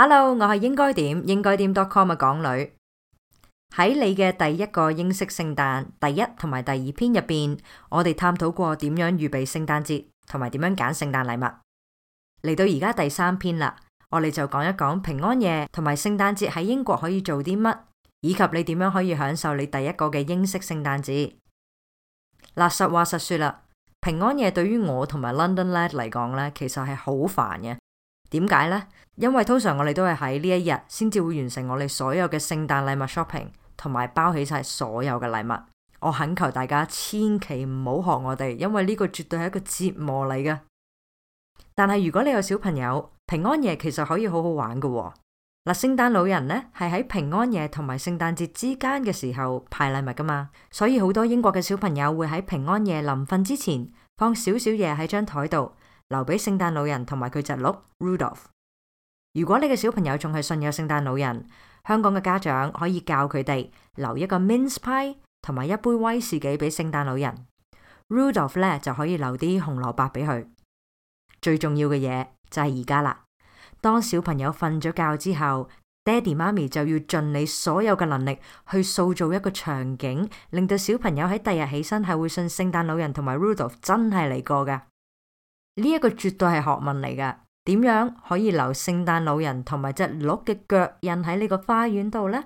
Hello，我係應該點應該點 .com 嘅港女。喺你嘅第一個英式聖誕第一同埋第二篇入邊，我哋探討過點樣預備聖誕節同埋點樣揀聖誕禮物。嚟到而家第三篇啦，我哋就講一講平安夜同埋聖誕節喺英國可以做啲乜，以及你點樣可以享受你第一個嘅英式聖誕節。嗱，實話實說啦，平安夜對於我同埋 London Lad 嚟講咧，其實係好煩嘅。點解呢？因為通常我哋都係喺呢一日先至會完成我哋所有嘅聖誕禮物 shopping，同埋包起晒所有嘅禮物。我懇求大家千祈唔好學我哋，因為呢個絕對係一個折磨嚟嘅。但係如果你有小朋友，平安夜其實可以好好玩㗎喎。嗱、啊，聖誕老人呢係喺平安夜同埋聖誕節之間嘅時候派禮物噶嘛，所以好多英國嘅小朋友會喺平安夜臨瞓之前放少少嘢喺張台度，留俾聖誕老人同埋佢隻鹿 Rudolph。如果你嘅小朋友仲係信有聖誕老人，香港嘅家長可以教佢哋留一個 mince pie 同埋一杯威士忌俾聖誕老人。Rudolph 咧就可以留啲紅蘿蔔俾佢。最重要嘅嘢就係而家啦。當小朋友瞓咗覺之後，爹哋媽咪就要盡你所有嘅能力去塑造一個場景，令到小朋友喺第日起身係會信聖誕老人同埋 Rudolph 真係嚟過嘅。呢一個絕對係學問嚟噶，點樣可以留聖誕老人同埋隻鹿嘅腳印喺呢個花園度呢？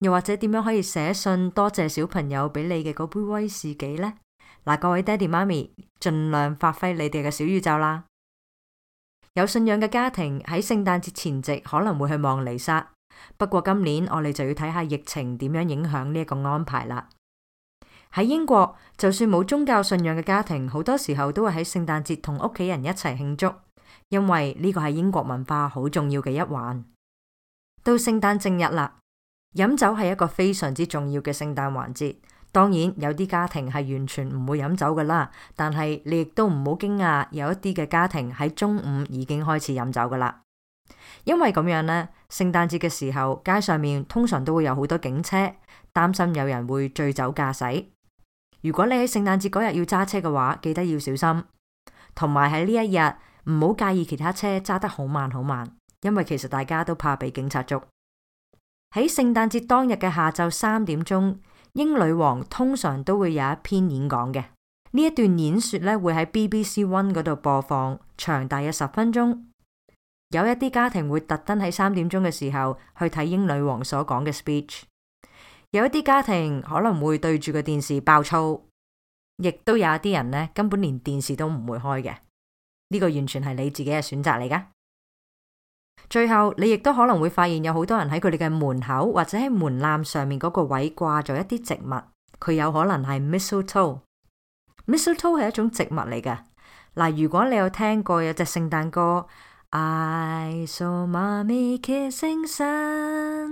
又或者點樣可以寫信多謝小朋友俾你嘅嗰杯威士忌呢？嗱，各位爹哋媽咪，盡量發揮你哋嘅小宇宙啦！有信仰嘅家庭喺聖誕節前夕可能會去望彌撒，不過今年我哋就要睇下疫情點樣影響呢一個安排啦。喺英國，就算冇宗教信仰嘅家庭，好多時候都會喺聖誕節同屋企人一齊慶祝，因為呢個係英國文化好重要嘅一環。到聖誕正日啦，飲酒係一個非常之重要嘅聖誕環節。當然有啲家庭係完全唔會飲酒噶啦，但係你亦都唔好驚訝，有一啲嘅家庭喺中午已經開始飲酒噶啦，因為咁樣呢，聖誕節嘅時候，街上面通常都會有好多警車，擔心有人會醉酒駕駛。如果你喺聖誕節嗰日要揸車嘅話，記得要小心。同埋喺呢一日，唔好介意其他車揸得好慢好慢，因為其實大家都怕被警察捉。喺聖誕節當日嘅下晝三點鐘，英女王通常都會有一篇演講嘅。呢一段演說咧會喺 BBC One 嗰度播放，長大約十分鐘。有一啲家庭會特登喺三點鐘嘅時候去睇英女王所講嘅 speech。有一啲家庭可能會對住個電視爆粗，亦都有一啲人咧根本連電視都唔會開嘅。呢個完全係你自己嘅選擇嚟噶。最後，你亦都可能會發現有好多人喺佢哋嘅門口或者喺門檻上面嗰個位掛咗一啲植物，佢有可能係 Mistletoe。Mistletoe 係一種植物嚟噶。嗱，如果你有聽過有隻聖誕歌，I saw mommy kissing son。